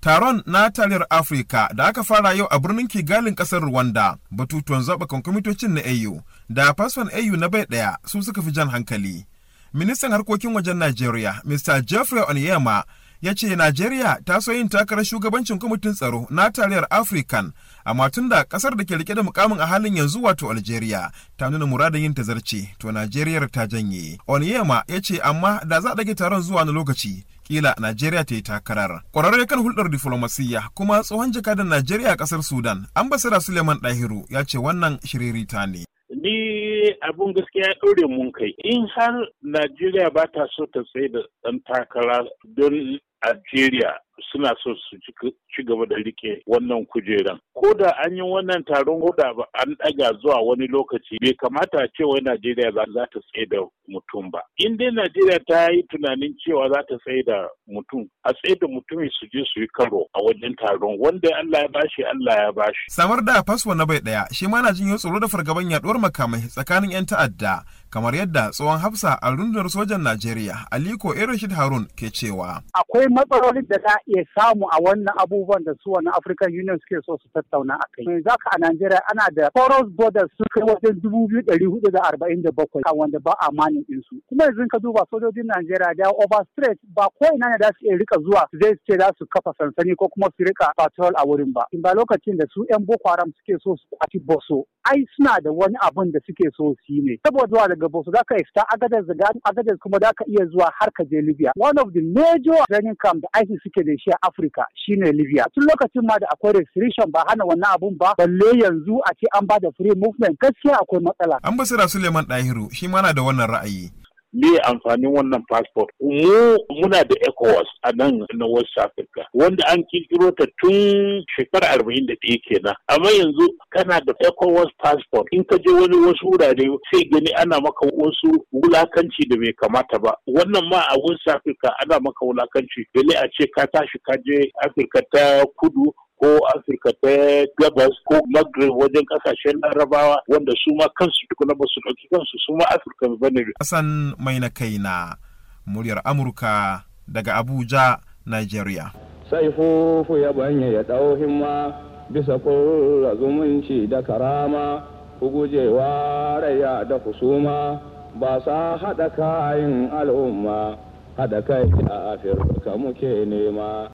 Taron na taliyar Afirka da aka fara yau a birnin Kigalin kasar Rwanda, batutuwan zaɓa kwamitocin na AU da fasfan AU na bai ɗaya su suka fi jan hankali. Ministan harkokin wajen Najeriya, Mr. Jeffrey Onyema, ya ce Najeriya ta so yin takarar shugabancin kwamitin tsaro na taliyar African, amma tun da kasar da ke rike da mukamin a halin yanzu wato Algeria ta nuna muradin yin tazarce, to Najeriya ta janye. Onyema ya ce amma da za a ɗage taron zuwa na lokaci, kila Najeriya ta yi takarar. Kwararre kan hulɗar diflomasiyya kuma tsohon jakadan Najeriya a ƙasar Sudan, ambasada Suleiman Dahiru ya ce wannan shiririta ne. Ni abun gaskiya ɗore mun kai in har Najeriya ba ta so ta tsaye da ɗan takara don Algeria suna so su ci gaba da rike wannan kujeran. Ko da an yi wannan taron hoda ba an ɗaga zuwa wani lokaci bai kamata cewa Najeriya za ta tsaye da mutum ba. In dai Najeriya ta yi tunanin cewa za ta tsaye da mutum, a tsaye da mutumi su je su yi karo a wajen taron wanda Allah ya bashi Allah ya bashi. Samar da faswa na bai ɗaya shi ma na jin tsoro da fargaban yaɗuwar makamai tsakanin 'yan ta'adda kamar yadda tsohon hafsa a rundunar sojan Najeriya Aliko shid Harun ke cewa. Akwai Matsaloli da za iya samu a wannan abubuwan da su wannan African Union suke so su tattauna a kai. Yanzu haka a Najeriya ana da Foros Borders su kai wajen dubu biyu ɗari hudu da arba'in da bakwai kan wanda ba a manin su. Kuma yanzu ka duba sojojin Najeriya da over straight ba ko ina ne za su iya rika zuwa zai ce za su kafa sansani ko kuma su rika patrol a wurin ba. In ba lokacin da su 'yan Boko Haram suke so su kwaci Boso. Ai suna da wani abun da suke so su yi ne. Saboda zuwa daga Boso za ka isa agadar kuma za ka iya zuwa har ka je Libya. One of the major kam da ISIS suke da shi a Afirka shine Libya. Tun lokacin ma da akwai restriction ba hana wannan abun ba balle yanzu a ce an ba da free movement gaskiya akwai matsala. Ambassador Suleiman Dahiru shi ma na da wannan ra'ayi. me amfanin wannan passport mu muna da ecowas a nan na west africa wanda an kirkiro ta tun shekara arba'in da ɗaya kenan amma yanzu kana da ECOWAS passport in ka je wani wasu wurare sai gani ana maka wasu wulakanci da bai kamata ba wannan ma a West Africa ana maka wulakanci bele a ce ka tashi ka je Afirka ta kudu ko afirka ta gabas ko maghrib wajen kasashen larabawa wanda su ma kansu duk na basu ɗauki kansu su ma afirka ba ne. hassan mai na kai na muryar amurka daga abuja nigeria sai fufu ya banye ya dawo himma bisa ƙurra zumunci da karama ku gujewa raya da kusuma ba sa haɗa kayan al'umma haɗa kai a afirka muke nema